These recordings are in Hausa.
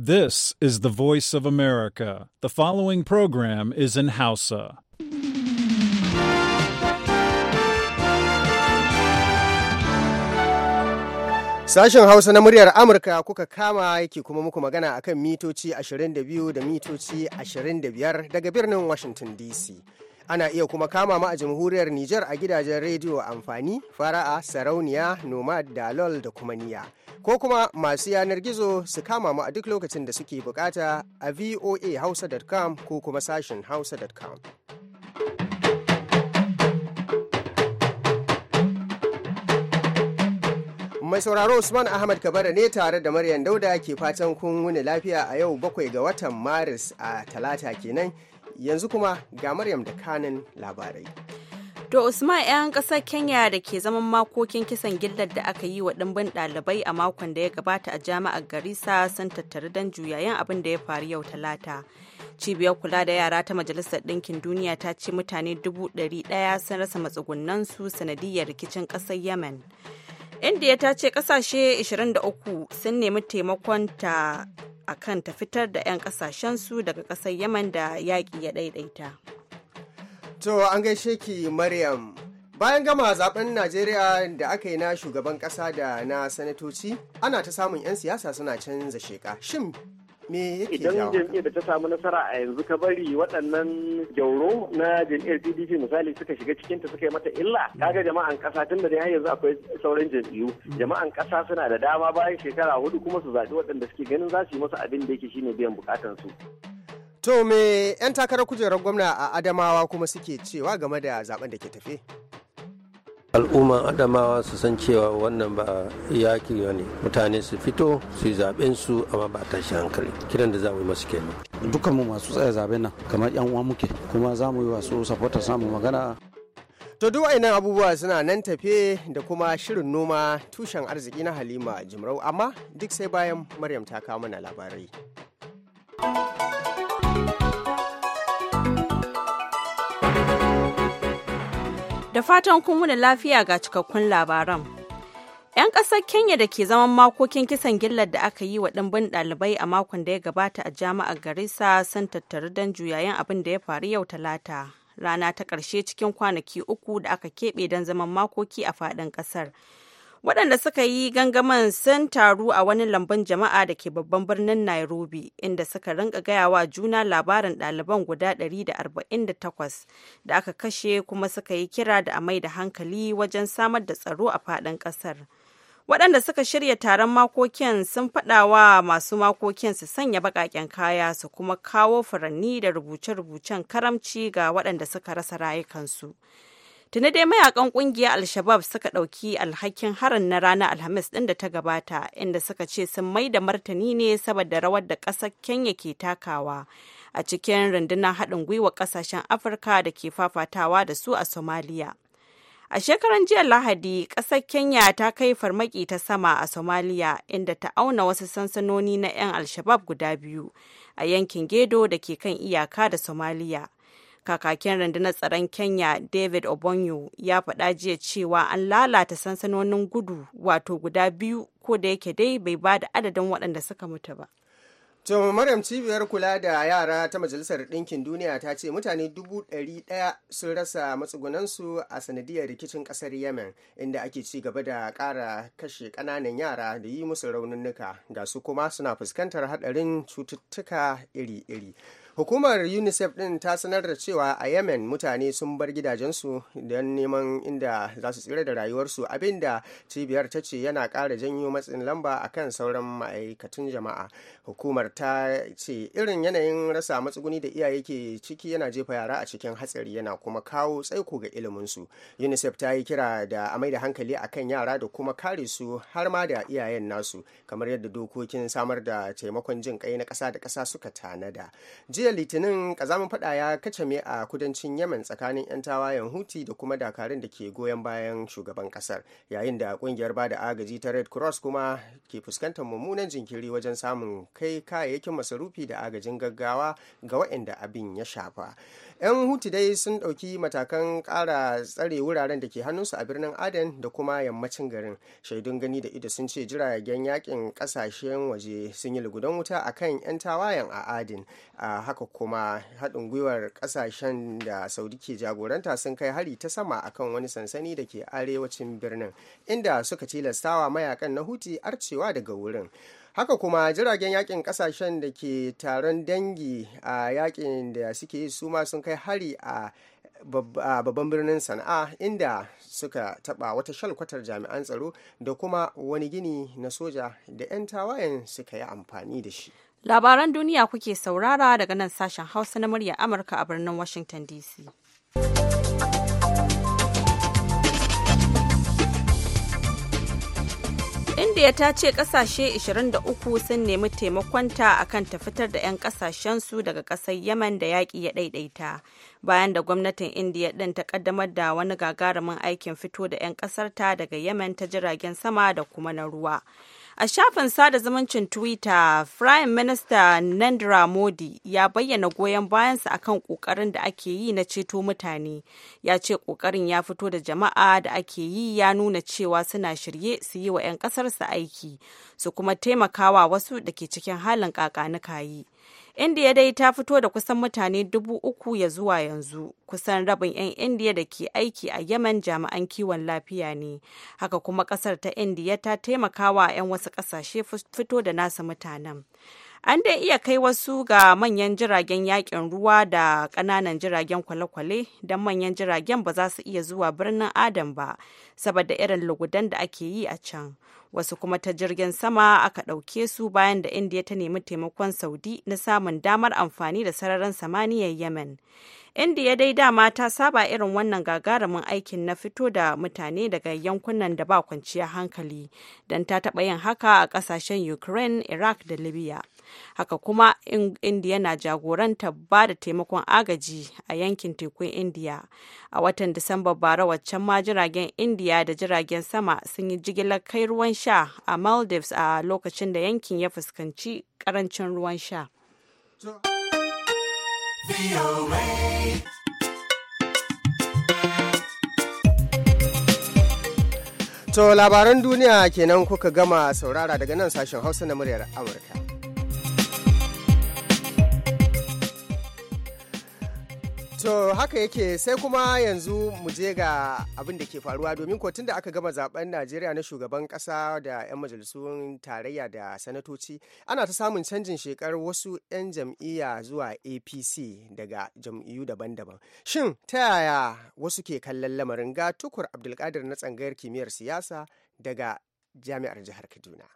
This is the voice of America. The following program is in Hausa. Sashen Hausa na muryar Amurka kuka kama yake kuma muku magana akan mitoci 22 da mitoci 25 daga birnin Washington DC. ana iya kuma kama mu a jamhuriyar Nijar a gidajen rediyo amfani fara'a sarauniya nomad dalol da kuma niya ko kuma masu yanar gizo su kama mu a duk lokacin da suke bukata a voahausa.com ko kuma sashin hausa.com Mai sauraro Usman Ahmad Kabara ne tare da Maryam Dauda ke fatan kun wuni lafiya a yau bakwai ga watan Maris a talata kenan yanzu kuma ga Maryam da kanin labarai. To Usman 'yan ƙasar Kenya da ke zaman makokin kisan gillar da aka yi wa ɗimbin ɗalibai a makon da ya gabata a jami'ar Garissa sun tattaru don juyayen abin da ya faru yau talata. Cibiyar kula da yara ta Majalisar Ɗinkin Duniya ta ce mutane dubu ɗari ɗaya sun rasa matsugunansu sanadiyar rikicin ƙasar Yemen. india ta ce ƙasashe 23 sun nemi taimakon ta akan ta fitar da 'yan su daga ƙasar yaman da yaƙi ya ɗaiɗaita. to an gaishe ki maryam bayan gama zaben najeriya da aka yi na shugaban ƙasa da na sanatoci ana ta samun 'yan siyasa suna canza sheka shin me yake idan jam'iyyar da ta samu nasara a yanzu ka bari waɗannan gyauro na jam'iyyar PDP misali suka shiga cikin ta suka yi mata illa hmm. kaga jama'an ƙasa tun da har yanzu akwai sauran jam'iyyu hmm. jama'an ƙasa suna da dama bayan shekara hudu kuma su zaɓi waɗanda suke ganin za su yi masa abin da yake shine biyan bukatan su to me 'yan takarar kujerar gwamna a adamawa kuma suke cewa game da zaben da ke tafe al'umman adamawa su san cewa wannan ba yaki ne mutane su fito su yi zaben su amma ba tashi hankali kiran da za mu yi masu kenan dukkan mu masu tsaya zaben nan kamar yan uwa muke kuma za mu yi wasu sapota samu magana To duk wa'annan abubuwa suna nan tafe da kuma shirin noma tushen arziki na Halima Jimrau amma duk sai bayan Maryam ta kawo mana labarai. Da fatan kun wuni lafiya ga cikakkun labaran. 'Yan ƙasar Kenya da ke zaman makokin kisan gillar da aka yi wa ɗimbin ɗalibai a makon da ya gabata a jami'ar Garissa sun tattaru don juyayen abin da ya faru yau Talata. Rana ta ƙarshe cikin kwanaki uku da aka keɓe don zaman makoki a faɗin ƙasar. waɗanda suka yi gangaman sun taru a wani lambun jama'a da ke babban birnin nairobi inda suka rinka gaya wa juna labarin ɗaliban guda 148 da aka kashe kuma suka yi kira da a mai da hankali wajen samar da tsaro a faɗin ƙasar waɗanda suka shirya taron makokin sun faɗa wa masu makokin su sanya baƙaƙen kaya su kuma kawo furanni da rubuce-rubucen karamci ga waɗanda suka rasa rayukansu. Tuni dai mayakan kungiyar Al-Shabab suka ɗauki alhakin harin na ranar Alhamis ɗin da ta gabata, inda suka ce sun mai da martani ne saboda rawar da ƙasar Kenya ke takawa a cikin rundunar haɗin gwiwa ƙasashen Afirka da ke fafatawa da su a Somalia. A shekaran jiya Lahadi, ƙasar Kenya ta kai farmaki ta sama a Somalia inda ta auna wasu sansanoni na 'yan Al-Shabab guda biyu a yankin Gedo da ke kan iyaka da Somalia. kakakin rundunar tsaron kenya david obonyo ya faɗa jiya cewa an lalata sansanonin gudu wato guda biyu ko da yake dai bai ba da adadin waɗanda suka mutu ba To Maryam cibiyar kula da yara ta Majalisar Ɗinkin Duniya ta ce mutane dubu ɗari ɗaya sun rasa matsugunansu a sanadiyar rikicin ƙasar Yemen inda ake ci gaba da ƙara kashe ƙananan yara da yi musu raununuka ga su kuma suna fuskantar haɗarin cututtuka iri-iri. hukumar unicef din ta sanar da cewa a yemen mutane sun bar gidajensu don neman inda za su tsira da rayuwarsu abinda cibiyar ta ce yana kara janyo matsin lamba akan sauran ma'aikatan jama'a hukumar ta ce irin yanayin rasa matsuguni da iyaye ke ciki yana jefa yara a cikin hatsari yana kuma kawo tsaiko ga iliminsu unicef ta yi kira da a mai da hankali a kan yara da kuma kare su har ma da iyayen nasu kamar yadda dokokin samar da taimakon jin kai na kasa da kasa suka tanada jiya jiya litinin kazamin fada ya kace kacame a kudancin yemen tsakanin 'yan tawayen huti da kuma dakarun da ke goyon bayan shugaban kasar yayin da kungiyar bada agaji ta red cross kuma ke fuskantar mummunan jinkiri wajen samun kai kayayyakin masarufi da agajin gaggawa ga waɗanda abin ya shafa 'yan huti dai sun ɗauki matakan ƙara tsare wuraren da ke hannunsu a birnin aden da kuma yammacin garin shaidun gani da ido sun ce jiragen yakin ƙasashen waje sun yi lugudan wuta akan 'yan tawayen a adin. a haka kuma haɗin gwiwar ƙasashen da saudi ke jagoranta sun kai hari ta sama akan wani sansani da ke arewacin birnin inda suka tilastawa mayakan na huti arcewa daga wurin haka kuma jiragen yakin kasashen da ke taron dangi a yakin da suke yi suma sun kai hari a babban birnin sana'a inda suka taba wata shalkwatar jami'an tsaro da kuma wani gini na soja da 'yan tawayen suka yi amfani da shi Labaran duniya kuke saurara daga nan sashen Hausa na murya Amurka a birnin Washington DC. indiya ta ce kasashe 23 sun nemi taimakonta akan ta fitar da 'yan kasashensu daga ƙasar Yemen da yaƙi ya ɗaiɗaita. Bayan da gwamnatin indiya ɗin ta ƙaddamar da wani gagarumin aikin fito da 'yan ƙasarta daga Yemen ta jiragen sama da kuma na ruwa. A shafin sada zumuncin Twitter, Prime Minister Nandra Modi ya bayyana goyon bayansa akan kokarin da ake yi na ceto mutane. Ya ce kokarin ya fito da jama'a da ake yi ya nuna cewa suna shirye su yi wa 'yan kasarsa aiki, su kuma taimakawa wasu da ke cikin halin kakanikayi. indiya dai ta fito da kusan mutane dubu uku ya zuwa yanzu kusan rabin 'yan indiya da ke aiki a yaman jami'an kiwon lafiya ne haka kuma kasar ta indiya ta taimakawa 'yan wasu kasashe fito da nasa mutanen An dai iya kai wasu ga manyan jiragen yakin ruwa da ƙananan jiragen kwale-kwale don manyan jiragen ba za su iya zuwa birnin Adam ba, saboda irin lugudan da ake yi a can. Wasu kuma ta jirgin sama aka ɗauke su bayan da Indiya ta nemi taimakon Saudi na samun damar amfani da sararin samaniyar Yemen. Indiya dai dama ta saba irin wannan gagarumin aikin na fito da mutane daga yankunan da ba kwanciyar hankali, don ta taɓa yin haka a ƙasashen Ukraine, Iraq da Libya. haka kuma indiya na jagorantar ba da taimakon agaji a yankin tekun indiya a watan disamba bara waccan ma jiragen indiya da jiragen sama sun yi jigilar kai ruwan sha a maldives a lokacin da yankin ya fuskanci karancin ruwan sha To labaran duniya kenan kuka gama saurara daga nan sashen Hausa na muryar Amurka. To haka yake sai kuma yanzu mu je ga abin da ke faruwa domin ko da aka gama zaben Najeriya na shugaban kasa da 'yan majalisun tarayya da sanatoci ana ta samun canjin shekar wasu 'yan jam'iyya zuwa APC daga jam'iyyu daban-daban. Shin ta yaya wasu ke kallon lamarin ga tukur Abdulkadir na tsangayar kimiyyar siyasa daga jami'ar jihar Kaduna.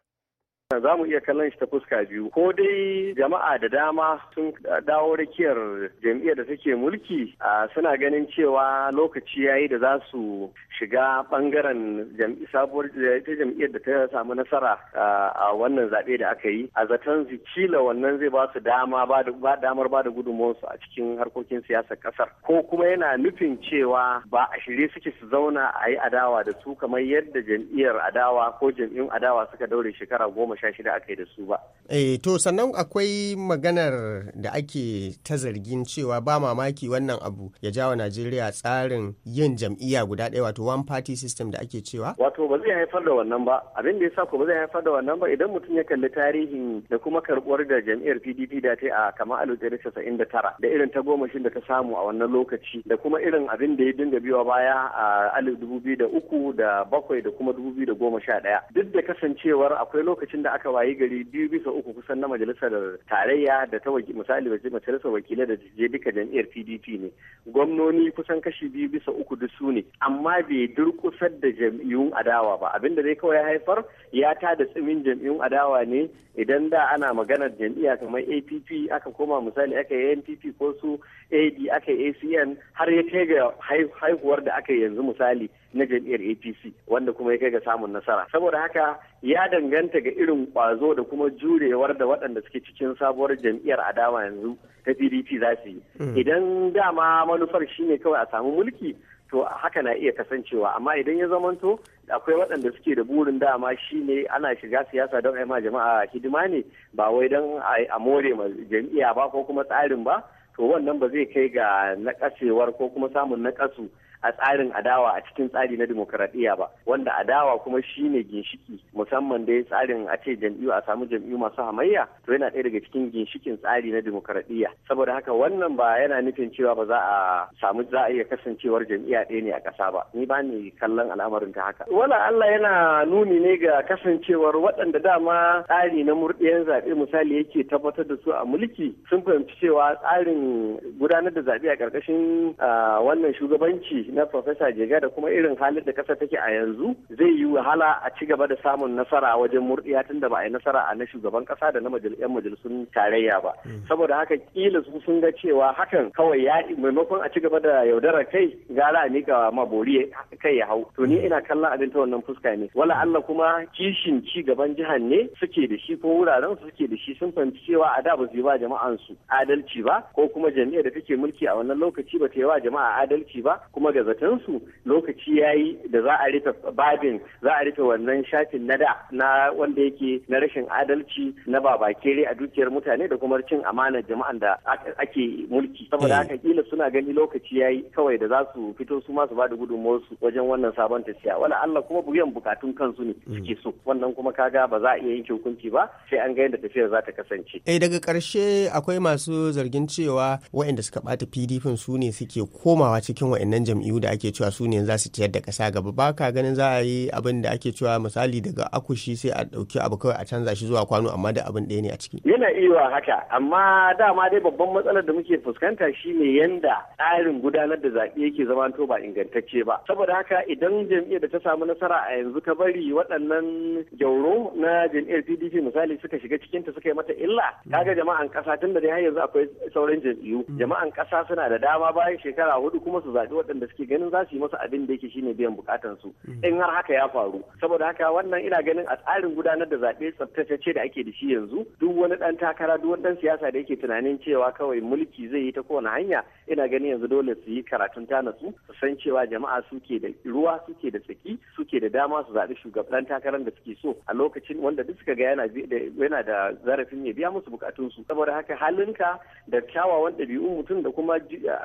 Za mu iya kallon shi ta fuska biyu. Ko dai jama'a da dama sun dawo rakiyar jam'iyyar da take mulki suna ganin cewa lokaci ya yi da za su shiga bangaren sabuwar eh, ta jam'iyyar da ta samu nasara a wannan zaɓe da aka yi. A zaton zikila wannan zai ba su dama ba damar ba da gudunmawarsu a cikin harkokin siyasar ƙasar. Ko kuma yana nufin cewa ba a shirye suke su zauna a yi adawa da su kamar yadda jam'iyyar adawa ko jam'iyyun adawa suka daure shekara goma sha shida aka yi da su ba. Eh to sannan akwai maganar da ake ta zargin cewa ba mamaki wannan abu ya ja wa Najeriya tsarin yin jam'iyya guda ɗaya wato one party system da ake cewa. Wato ba zai haifar da wannan ba abin da ya sa ko ba zai haifar da wannan ba idan mutum ya kalli tarihin da kuma karɓuwar da jam'iyyar PDP da ta a kamar alif ɗari casa'in da tara da irin ta da ta samu a wannan lokaci da kuma irin abin da ya dinga biyo baya a alif dubu biyu da uku da bakwai da kuma dubu biyu da goma sha ɗaya duk da kasancewar akwai lokacin da aka wayi gari biyu bisa uku kusan na majalisar tarayya da ta misali waje majalisar wakilai da je duka jam'iyyar pdp ne gwamnoni kusan kashi biyu bisa uku duk su ne amma bai durkusar da jam'iyyun adawa ba abinda zai kawai ya haifar ya ta da tsimin jam'iyyun adawa ne idan da ana maganar jam'iyya kamar app aka koma misali aka yi npp ko su ad aka yi acn har ya kai ga haihuwar da aka yi yanzu misali na jam'iyyar apc wanda kuma ya kai ga samun nasara saboda haka ya danganta ga irin kwazo da kuma jurewar da waɗanda suke cikin sabuwar jam'iyyar adawa yanzu ta pdp za su yi hmm. idan dama manufar shine kawai a samu mulki to haka na iya kasancewa amma idan ya zamanto akwai waɗanda suke da burin dama shine ana shiga siyasa don a ma jama'a hidima ne ba wai don a more ma jam'iyya ba ko kuma tsarin ba to wannan ba zai kai ga nakasewar ko kuma samun nakasu a tsarin adawa a cikin tsari na demokaradiyya ba wanda adawa kuma shine ginshiki musamman dai tsarin a ce jam'iyyu a samu jam'iyyu masu hamayya to yana ɗaya daga cikin ginshikin tsari na demokaradiyya saboda haka wannan ba yana nufin cewa ba za a samu za a iya kasancewar jam'iyya ɗaya ne a ƙasa ba ni ba ni kallon al'amarin ta haka wala Allah yana nuni ne ga kasancewar waɗanda dama tsari na murɗiyan zaɓe misali yake tabbatar da su a mulki sun fahimci cewa tsarin gudanar da zaɓe a ƙarƙashin ah, wannan shugabanci na Profesa Jega da kuma irin halin da kasa take a yanzu zai yi wahala a ci gaba da samun nasara wajen murdiya tun da ba a yi nasara a na shugaban kasa da na yan majalisun tarayya ba. Hmm. Saboda haka kila su sun ga cewa hakan kawai ya maimakon a ci gaba da yaudarar kai gara a mika ma bori kai ya hau. To ni ina kallon abin ta wannan fuska ne. Wala Allah kuma kishin ci gaban jihar ne suke da shi ko wuraren suke da shi sun fahimci cewa a da ba su yi ba su adalci ba ko kuma jami'ar da take mulki a wannan lokaci ba ta yi wa jama'a adalci ba kuma ga da su lokaci ya yi da za a rufe babin za a rufe wannan shafin na da na wanda yake na rashin adalci na babakere a dukiyar mutane da kuma cin amana jama'an da ake mulki saboda haka kila suna gani lokaci ya yi kawai da za su fito su ma su ba da su wajen wannan sabon tafiya wala Allah kuma biyan bukatun kansu ne hmm. suke so wannan kuma kaga ba za a iya yanke hukunci ba sai an ga yadda tafiyar za ta kasance. Eh daga karshe akwai masu zargin cewa waɗanda suka bata PDP su ne suke komawa cikin waɗannan jami'u jam'iyyu da ake cewa su ne za su ciyar da kasa gaba ba ka ganin za a yi abin da ake cewa misali daga akushi sai a ɗauki abu kawai a canza shi zuwa kwano amma da abin ɗaya ne a ciki. yana iya haka amma dama dai babban matsalar da muke fuskanta shi shine yanda tsarin gudanar da zaɓe yake zama zamanto ba ingantacce ba saboda haka idan jam'iyyar da ta samu nasara a yanzu ka bari waɗannan gyauro na jam'iyyar pdp misali suka shiga cikinta suka yi mata illa kaga jama'an kasa tun da dai har yanzu akwai sauran jam'iyyu mm. jama'an kasa suna da dama bayan shekara hudu kuma su zaɓi waɗanda suke ganin za su yi masa abin da yake shine biyan bukatan su hmm. in har haka ya faru saboda haka wannan ina ganin a tsarin gudanar da zaɓe tsaftatacce da ake da shi yanzu duk wani dan takara duk wani dan siyasa da yake tunanin cewa kawai mulki zai yi ta kowane hanya ina ganin yanzu dole su yi karatun tanatsu su san cewa jama'a suke da ruwa suke da tsaki suke da dama su zaɓi shugaban takarar da suke so a lokacin wanda duk suka ga yana yana da zarafin ya biya musu bukatun su saboda haka halinka da kyawawan ɗabi'un mutum da kuma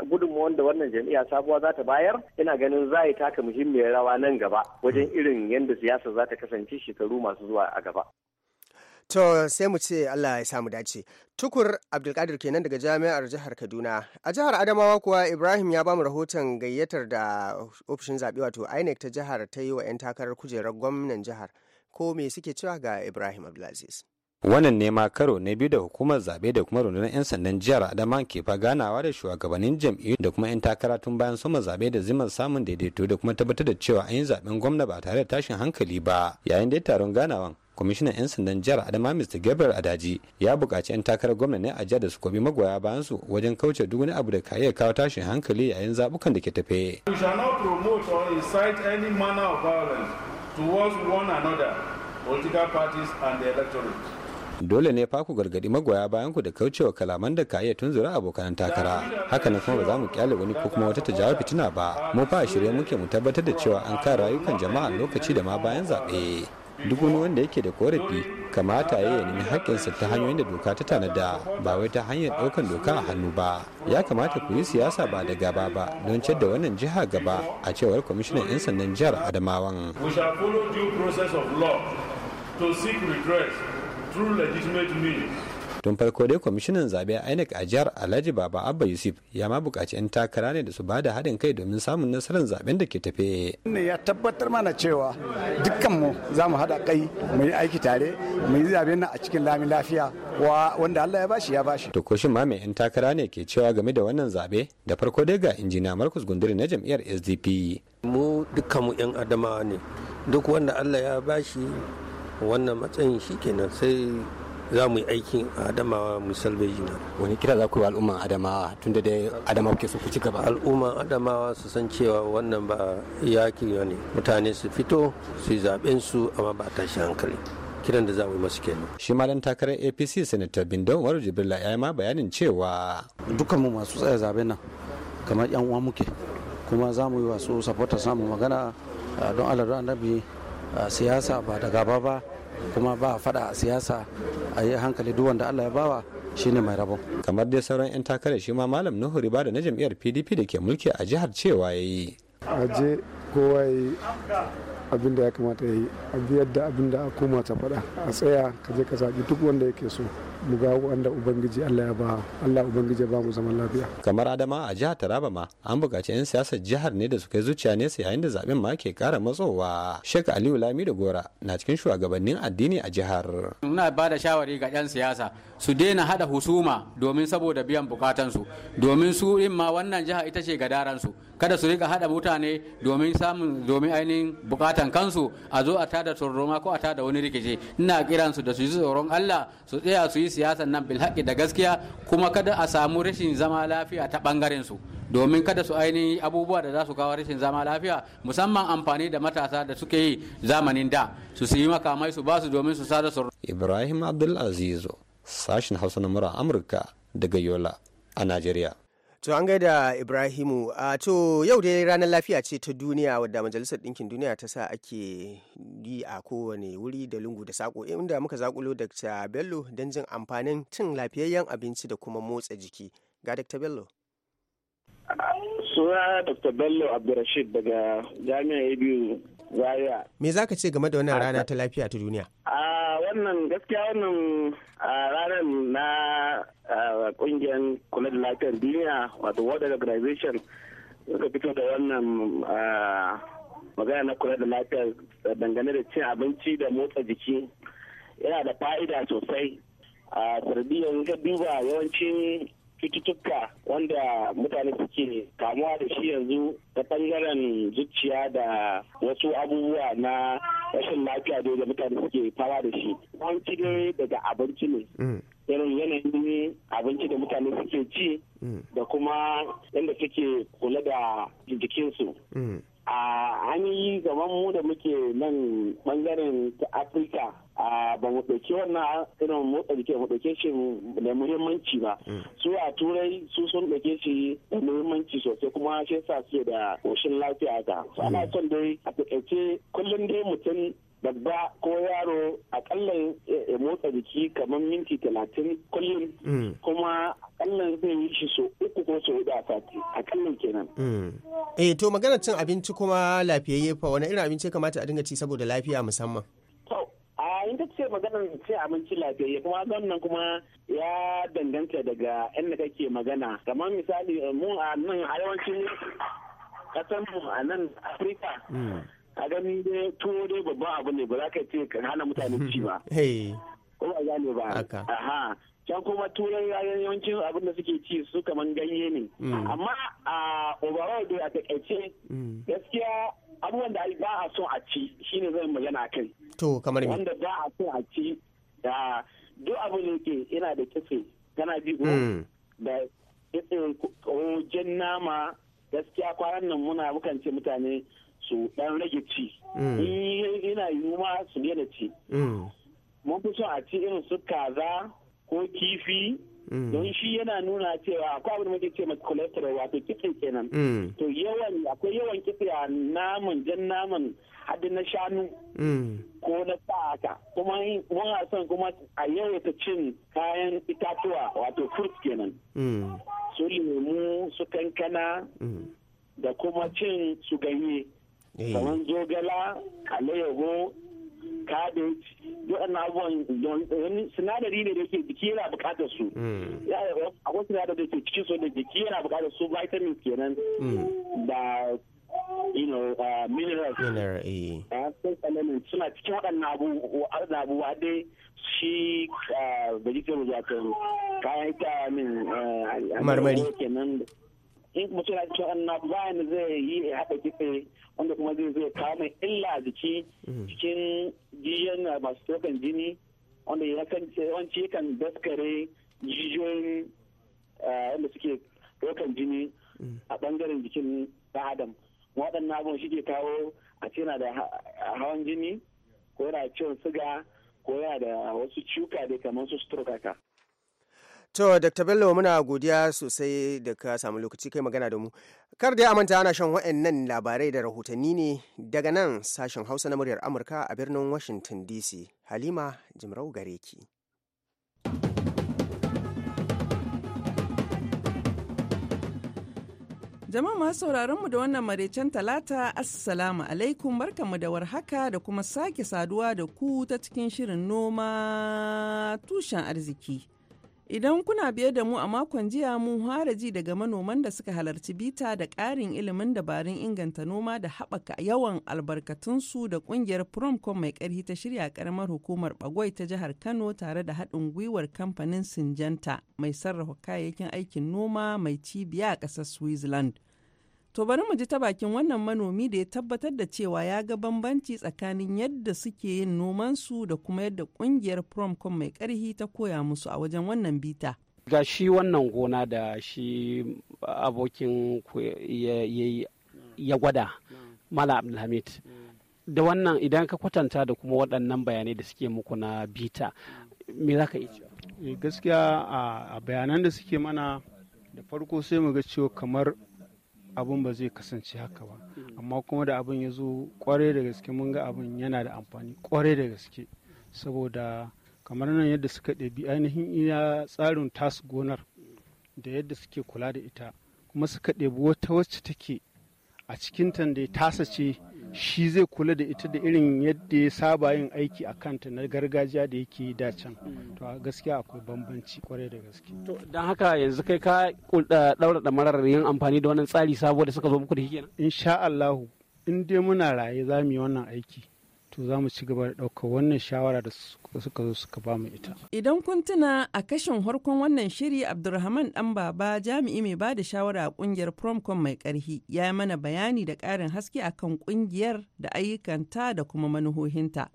gudunmawar da wannan jami'a sabuwa za ta bayar bayar ina ganin za ya taka muhimmiyar rawa nan gaba wajen irin yadda siyasa za ta kasance shekaru masu zuwa a gaba. To sai mu ce Allah ya samu dace. Tukur Abdulkadir kenan daga Jami'ar Jihar Kaduna. A jihar Adamawa kuwa Ibrahim ya bamu rahoton gayyatar da ofishin zaɓe wato INEC ta jihar ta yi wa 'yan takarar kujerar gwamnan jihar. Ko me suke cewa ga Ibrahim Abdulaziz? wannan ne karo na biyu da hukumar zabe da kuma rundunar 'yan sandan jihar adama ke fa ganawa da shugabannin jam'iyyu da kuma 'yan takara tun bayan soma zabe da zimar samun daidaito da kuma tabbatar da cewa an yi zaben gwamna ba tare da tashin hankali ba yayin da taron ganawan kwamishinan 'yan sandan jihar adama mr gabriel adaji ya buƙaci 'yan takarar gwamna ne a jihar da su kobi magoya bayan su wajen kauce duk wani abu da ka iya kawo tashin hankali yayin zabukan da ke tafe. we shall not promote or incite any manner of violence towards one another political parties and the electorate dole ne fa ku gargadi magoya bayan ku da kaucewa kalaman da ka iya tunzura abokan takara haka na kuma ba za mu kyale wani ko kuma wata ta jawo fitina ba mu fa shirye muke mu tabbatar da cewa an kare rayukan jama'a lokaci da ma bayan zaɓe duk wani wanda yake da korafi kamata ya nemi haƙƙinsa ta hanyoyin da doka ta tanada ba wai ta hanyar ɗaukan doka a hannu ba ya kamata ku yi siyasa ba da gaba ba don ciyar da wannan jiha gaba a cewar kwamishinan 'yan sandan jihar adamawan to seek redress tun farko dai kwamishinan zabe inec a jihar alhaji baba abba yusuf ya ma bukaci 'yan takara ne da su bada haɗin kai domin samun nasarar zaben da ke tafe ne ya tabbatar mana cewa dukkanmu za mu haɗa kai mu yi aiki tare mu yi zaben a cikin lami lafiya wa wanda allah ya bashi ya bashi to koshin ma mai 'yan takara ne ke cewa game da wannan zabe da farko dai ga injina markus gunduri na jam'iyyar sdp mu dukkanmu 'yan adama ne duk wanda allah ya bashi wannan matsayin shi kenan sai za mu yi aikin adamawa mu salbeji na wani kira za ku yi al'umma adamawa tun da dai adamawa ke su ci gaba al'umma adamawa su san cewa wannan ba yaki ne mutane su fito su yi zaben su amma ba tashi hankali kiran da za mu yi masu kenan shi dan takarar apc senator bindon waru jibrila ya yi ma bayanin cewa dukkan mu masu tsaya zaben nan kamar yan uwa muke kuma za mu yi wasu support samun magana ah, don allah annabi siyasa ba da gaba ba kuma ba fada a siyasa a yi hankali duk wanda Allah ya bawa shine mai rabo. Kamar dai sauran 'yan takarar shi ma Malam Nuhu Riba da na jam'iyyar PDP da ke mulki a jihar cewa ya yi. Aje kowa abin da ya kamata ya yi a biyar da abin da koma ta faɗa a tsaya ka je ka saƙi duk wanda yake so mu ga wanda ubangiji Allah ya ba Allah ubangiji ya ba mu zaman lafiya kamar Adama a jihar Taraba ma an buƙaci 'yan siyasar jihar ne da suka zuciya ne su yayin da zaben ma ke ƙara matsowa Sheikh Aliyu Lami da Gora na cikin shugabannin addini a jihar ina ba da shawari ga 'yan siyasa su daina hada husuma domin saboda biyan bukatansu domin su in ma wannan jiha ita ce gadaransu kada su rika hada mutane domin samun domin ainihin bukatan kansu a zo a tada tsoron ko a tada wani rikici ina kiransu da su yi tsoron Allah su tsaya su yi siyasan nan bil da gaskiya kuma kada a samu rashin zama lafiya ta bangaren su domin kada su ainihin abubuwa da za su kawo rashin zama lafiya musamman amfani da matasa da suke yi zamanin da su yi makamai su ba su domin su sada Ibrahim Abdulaziz sashen hausa na mura amurka daga yola a najeriya to an gaida ibrahimu a to yau dai ranar lafiya ce ta duniya wadda majalisar ɗinkin duniya ta sa ake yi a kowane wuri da lungu da sako inda muka zakulo dr bello don jin amfanin cin lafiyayyen abinci da kuma motsa jiki ga dr bello suna dr bello abdurrashid daga jami'ar biyu. Zaria. Me za ka ce game da wannan rana ta lafiya ta duniya? wannan gaskiya wannan ranar na kungiyar kula da lafiyar duniya wato World Organization suka fito da wannan magana na kula da lafiyar dangane da cin abinci da motsa jiki yana da fa'ida sosai. A sardiyan ga duba yawancin cututtuka wanda mutane suke kamuwa da shi yanzu ta bangaren zuciya da wasu abubuwa na rashin lafiya da mutane suke fama da shi yawanci dai daga abinci ne mm. irin yanayin abinci da mutane suke ci mm. da kuma yadda suke kula da jikinsu mm. a hanyoyi gaban mu da muke nan bangaren ta afirka ba mu ɗauki wannan irin motsa jiki mu ɗauke shi da muhimmanci ba mm. su a turai su sun ɗauke shi da muhimmanci sosai kuma shi yasa suke da ƙoshin lafiya ga ana mm. son dai a taƙaice kullum dai mutum babba ko yaro akalla ya motsa jiki kamar minti talatin kullum mm. kuma akalla zai yi shi so uku ko so hudu a sati akalla kenan. Mm. eh to maganar cin abinci kuma lafiyayye fa wani irin abinci kamata a dinga ci saboda lafiya musamman. a in ce maganar ce abinci lafiyayye kuma wannan kuma ya danganta daga inda kake magana kamar misali mu a nan a yawancin kasan mu a nan afirka mm. a gani dai tuwo dai babban abu ne ba za ka ce ka hana mutane ci ba ko ba gane ba aha can kuma turai yayin yawancin abin da suke ci su kamar ganye ne mm. amma a overall dai a takaice mm. gaskiya abubuwan da ba a so a ci shine zan magana kai to kamar me wanda ba a so a ci da duk abu ne ke yana da kitse kana ji ko mm. da kitse ko jan nama gaskiya kwanan nan muna mukan ce mutane su dan rage ci mm. ina yana yiwu ma su da ci mm. mun fi son a ci irin su kaza ko kifi mm. don shi yana nuna cewa akwai abin da ce mai cholesterol wato kitse kenan to yawan akwai yawan kitse a naman jan naman hadin na shanu ko na sa'aka kuma mun son kuma a yawaita cin kayan itatuwa wato fruit kenan su lemu su kankana da kuma cin su ganye Eh. kamar zogala alayyaho cabbage an abubuwan sinadari ne da ke jiki yana buƙatar su hmm. akwai sinadari da ke cikin su da jiki yana buƙatar su vitamins kenan hmm. da you know uh, minerals mineral eh suna cikin waɗannan abubuwa abubuwa dai shi uh, vegetable wato kayan ita min uh, marmari kenan in mutum na cikin wannan bayan zai yi a haɗa kitse wanda kuma zai zai kawo mai illa a jiki mm. cikin jijiyoyin masu tsokan jini wanda ya kan yawanci yakan daskare jijiyoyin eh, wanda suke tsokan jini mm. a ɓangaren jikin ɗan adam waɗannan abubuwan shi ke kawo a ce yana da hawan jini ko yana ciwon suga ko yana da wasu ciwuka da kamar su stroke haka. To, Dr. Bello muna godiya sosai da ka samu lokaci kai magana da mu. Kar da ya manta ana shan waɗannan labarai da rahotanni ne daga nan sashen Hausa na muryar Amurka a birnin Washington DC. Halima Jimrau Gareki. Jama'a masu sauraron mu da wannan maraicen talata assalamu alaikum barkanmu da warhaka da kuma sake saduwa da ku ta cikin shirin noma tushen arziki. Idan kuna biye da mu a makon jiya mun hara ji daga manoman da suka halarci bita da ƙarin ilimin dabarun inganta noma da haɓaka yawan albarkatunsu da ƙungiyar Promcom mai ƙarfi ta shirya ƙaramar hukumar Bagwai ta jihar Kano tare da haɗin gwiwar kamfanin Sinjanta mai sarrafa kayayyakin aikin noma mai cibiya a ƙasar Switzerland. To bari mu ji ta bakin wannan manomi da ya tabbatar da cewa ya ga bambanci tsakanin yadda suke yin nomansu da kuma yadda kungiyar Promcom mai karhi ta koya musu a wajen wannan bita. Ga shi wannan gona da shi abokin ya gwada Mala Abdulhamid. Da wannan idan ka kwatanta da kuma waɗannan bayanai da suke muku na bita, me za ka yi. Eh, gaskiya a bayanan da suke mana da farko sai mu ga cewa kamar abun ba zai kasance haka ba amma kuma da abin ya zo kwarai da gaske mun ga abin yana da amfani kwarai da gaske saboda kamar nan yadda suka ɗabi ainihin iya tsarin tasu gonar da yadda suke kula da ita kuma suka ɗebi wata wacce take a cikin da tasa ce shi zai kula da ita da irin yadda ya saba yin aiki a kanta na gargajiya da yake da can hmm. to a gaskiya akwai bambanci kwarai da gaske to don haka yanzu kai ka daura da marar yin amfani da wannan tsari saboda da suka zo muku da shi insha Allah in dai muna raye za mu yi wannan aiki to za mu ci gaba da ɗaukar wannan shawara da suka zo suka ba mu ita. Idan kun tuna a kashin harkon wannan shiri Abdulrahman dan baba jami'i mai ba da shawara a kungiyar Promcom mai karhi ya yi mana bayani da ƙarin haske akan ƙungiyar da ayyukanta da kuma manuhohinta.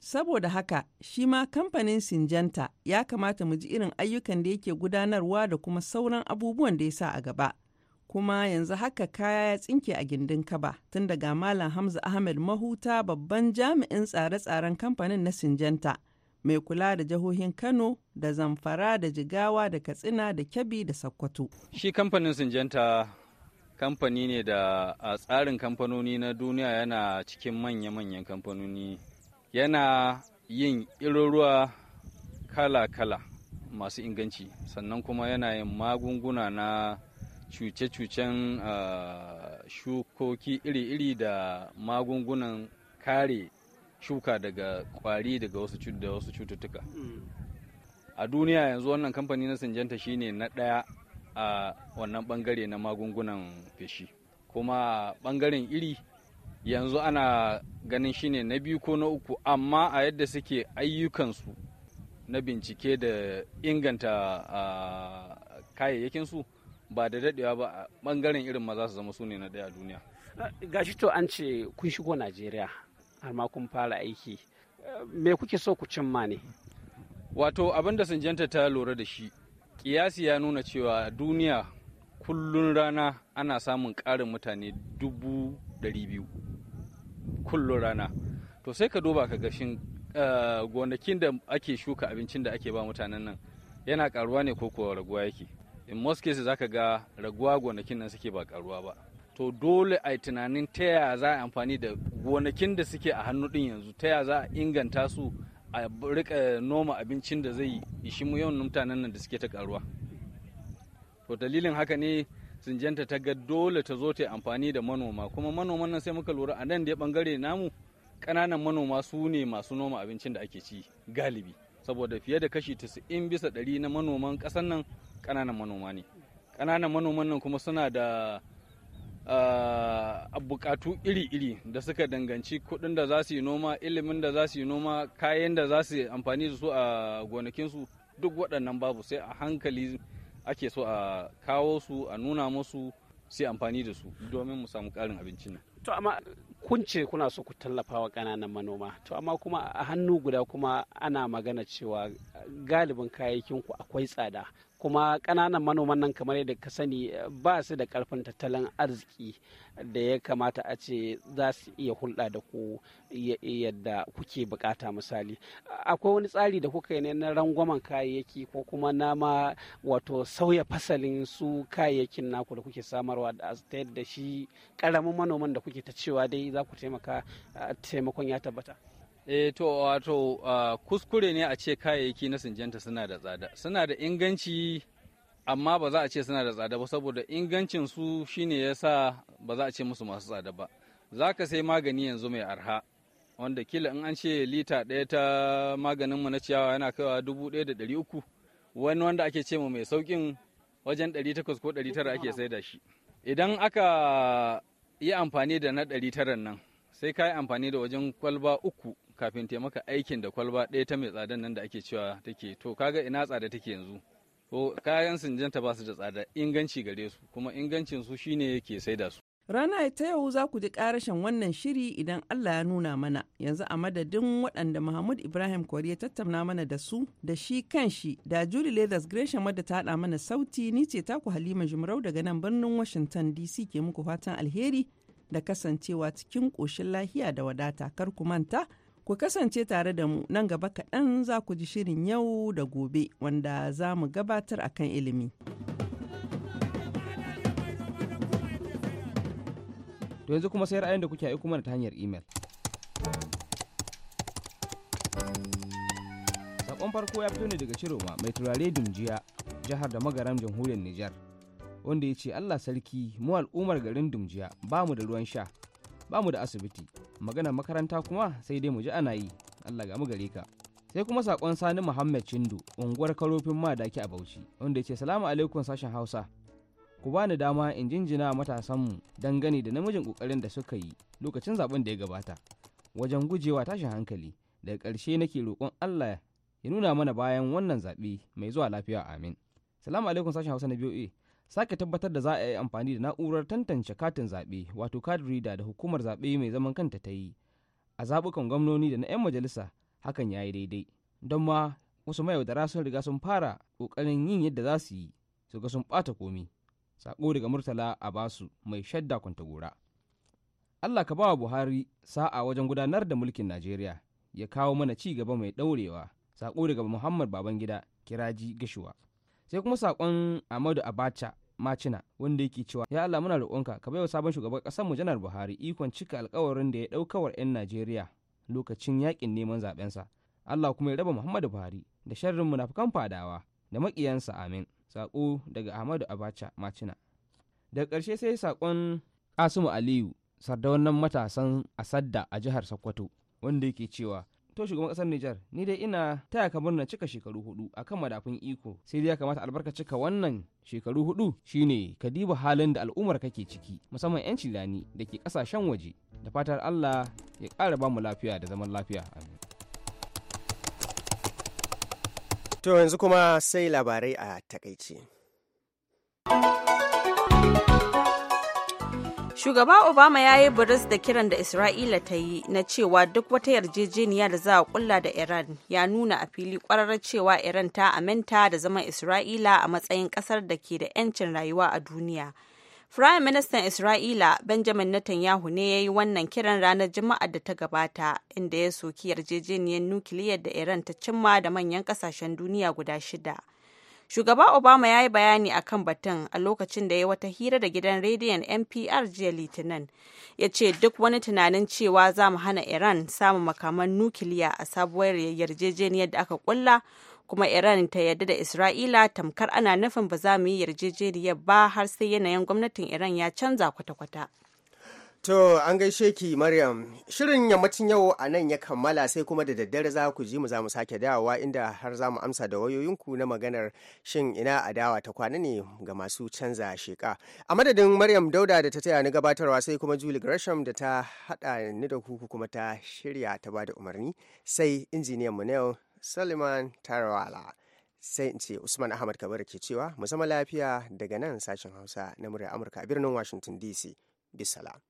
Saboda haka shi ma kamfanin Sinjanta ya kamata mu ji irin ayyukan da yake gudanarwa da kuma sauran abubuwan da ya sa a gaba. kuma yanzu haka kaya ya tsinke a gindin kaba tun daga Malam Hamza Ahmed Mahuta babban jami'in tsare-tsaren kamfanin na Sinjanta mai kula da jihohin Kano da Zamfara da Jigawa da Katsina da kyabi da Sokoto. Shi kamfanin Sinjanta kamfani ne da a tsarin kamfanoni na duniya yana cikin manya-manyan kamfanoni yana yin iruruwa kala-kala masu inganci sannan kuma yana yin magunguna na cuce-cucen ah, shukoki iri-iri da magungunan kare shuka daga kwari daga wasu cututtuka hmm. a duniya yanzu wannan kamfani na sinjanta shine na ɗaya a wannan bangare na magungunan feshi kuma bangaren iri yanzu ana ganin shine na biyu ko na uku amma a yadda suke ayyukansu na bincike da inganta ah, kayayyakinsu ba da dadewa ba a bangaren irin maza su zama su ne na daya a duniya ah, gashi to an ce kun shigo najeriya har ma kun fara aiki me kuke so ku cimma ne wato abin da sanjanta ta lura da shi kiyasi ya nuna cewa duniya kullun rana ana samun karin mutane dubu ɗari biyu kullun rana to sai ka duba ka gashin eh, gonakin da ake shuka abincin da ake ba mutanen nan yana karuwa ne ko kuwa raguwa yake in most cases zaka ga raguwa gonakin nan suke ba karuwa ba to dole a tunanin ta yaya za a amfani da gonakin da suke a hannu din yanzu ta yaya za a inganta su a rika noma abincin da zai ishi mu yawan mutanen nan da suke ta karuwa to dalilin haka ne sinjanta ta ga dole ta zo ta amfani da manoma kuma manoman nan sai muka lura a nan da bangare namu kananan manoma su ne masu noma abincin da ake ci galibi saboda fiye da kashi 90 bisa ɗari na manoman kasan nan kananan manoma ne kananan manoman nan kuma suna da bukatu iri-iri da suka danganci kuɗin da za su yi noma ilimin da za su yi noma kayan da za su yi amfani da su a gonakinsu duk waɗannan babu sai a hankali ake so a kawo su a nuna musu sai amfani da su domin mu samu ƙarin abinci nan to amma kun kuna so ku tallafa wa ƙananan manoma to amma kuma a hannu guda kuma ana magana cewa galibin kayayyakin ku akwai tsada kuma kananan manoman nan kamar yadda ka sani ba su da karfin tattalin arziki da ya kamata a ce za su iya hulɗa da ku yadda kuke bukata misali akwai wani tsari da kuka yi ne na rangwamen kayayyaki ko kuma na ma wato sauya fasalin su kayayyakin naku da kuke samarwa da ta yadda shi ƙaramin manoman da kuke ta cewa dai za ku taimaka taimakon ya tabbata e to wato kuskure ne a ce kayayyaki na sinjanta suna da tsada suna da inganci amma ba za a ce suna da tsada ba saboda ingancin su shine sa ba za a ce musu masu tsada ba za ka sai magani yanzu mai arha wanda kila in an ce lita ɗaya ta maganin mu na ciyawa yana kaiwa dubu ɗaya da ɗari uku wani wanda ake ce mu mai saukin wajen ɗari takwas ko ɗari tara ake sai da shi idan aka yi amfani da na ɗari taran nan sai ka yi amfani da wajen kwalba uku kafin ta maka aikin da kwalba ɗaya ta mai tsadan nan da ake cewa take to kaga ina tsada take yanzu ko kayan sinjanta ba su da tsada inganci gare su kuma ingancin su shine yake saida su Rana ta yau za ku ji karashin wannan shiri idan Allah ya nuna mana yanzu a madadin waɗanda Mahmud Ibrahim Kwari ya tattauna mana da su da shi kan shi da Julie Leathers Gresham wadda ta haɗa mana sauti ni ce taku Halima Jumrau daga nan birnin Washington DC ke muku fatan alheri da kasancewa cikin koshin lahiya da wadata kar ku manta. Ku kasance tare da mu nan gaba kaɗan za ku ji shirin yau da gobe wanda za mu gabatar kan ilimi. To yanzu kuma sai ra'ayin da kuke kuma mana ta hanyar imel. saƙon farko ya fito ne daga Ciroma mai turare Dumjiya jihar da magaram jamhuriyar Nijar wanda ya ce Allah sarki mu al'ummar garin Dumjiya ba mu da ruwan sha ba mu da asibiti maganar makaranta kuma sai dai mu ji ana yi allah ga mu gare ka sai kuma sakon sani muhammad Chindu, unguwar karofin madaki a bauchi wanda ya ce salamu alaikum sashen hausa ku bani dama in jinjina matasanmu dangane da namijin kokarin da suka yi lokacin zaben da ya gabata wajen gujewa tashin hankali daga ƙarshe nake roƙon allah ya nuna mana bayan wannan zaɓe mai zuwa lafiya amin salamu alaikum sashen hausa na biyu sake tabbatar da za a yi amfani da na'urar tantance katin zaɓe wato card reader da hukumar zaɓe mai zaman kanta ta yi a zaɓukan gwamnoni da na 'yan majalisa hakan ya yi daidai don ma wasu mayaudara sun riga sun fara ƙoƙarin yin yadda za su yi su ga sun ɓata komi saƙo daga murtala a basu mai shadda gora allah ka ba wa buhari sa'a wajen gudanar da mulkin najeriya ya kawo mana ci gaba mai ɗaurewa saƙo daga muhammad babangida kiraji gashuwa sai kuma saƙon amadu abacha Macina wanda yake cewa ya Allah muna roƙonka ka baiwa sabon shugaban ƙasar mu Janar Buhari ikon cika alƙawarin da ya ɗaukawar 'yan Najeriya lokacin yaƙin neman zaɓensa. Allah kuma ya raba Muhammadu Buhari da sharrin munafukan fadawa da maƙiyansa amin. Saƙo daga Ahmadu Abacha Macina. Daga ƙarshe sai saƙon Kasimu Aliyu sardaunan matasan Asadda a jihar Sokoto wanda yake cewa to shugaban kasar Nijar ni dai ina taya kamar na cika shekaru hudu akan madafin iko sai dai ya kamata albarka cika wannan shekaru hudu shine ka diba halin da al'ummar kake ciki musamman yan cilani da ke kasashen waje da fatar Allah ya ƙara bamu lafiya da zaman lafiya amin to yanzu kuma sai labarai a takaice Shugaba Obama ya yi buris da kiran da Isra'ila ta yi na cewa duk wata yarjejeniya da za a kulla da Iran ya nuna a fili kwararar cewa Iran ta aminta da zaman Isra'ila a matsayin kasar da ke da 'yancin rayuwa a duniya. Prime Ministan Isra'ila Benjamin Netanyahu ne ya yi wannan kiran ranar Juma'ar da ta gabata inda ya soki yarjejeniyar nukiliyar da Iran ta cimma da manyan kasashen duniya guda shida. Shugaba Obama ya yi bayani a kan batun a lokacin da ya wata hira da gidan rediyon NPR jiya Litinin. Ya ce duk wani tunanin cewa za mu hana Iran samun makaman nukiliya a sabuwar yarjejeniyar da aka kulla kuma Iran ta yarda da Isra'ila tamkar ana nufin ba za mu yi yarjejeniyar ba har sai yanayin gwamnatin Iran ya canza kwata-kwata. To an gaishe ki Maryam. Shirin yammacin yau a nan ya kammala sai kuma da daddare za ku ji mu za mu sake dawowa inda har za mu amsa da wayoyinku na maganar shin ina adawa ta kwana ne ga masu canza sheka. A madadin Maryam Dauda da ta taya ni gabatarwa sai kuma Julie Gresham da ta haɗa ni da kuku kuma ta shirya ta ba da umarni sai injiniyan mu yau Suleiman Tarawala. Sai in ce Usman Ahmad Kabir ke cewa mu zama lafiya daga nan sashen Hausa na murya Amurka a birnin Washington DC. Bisalam.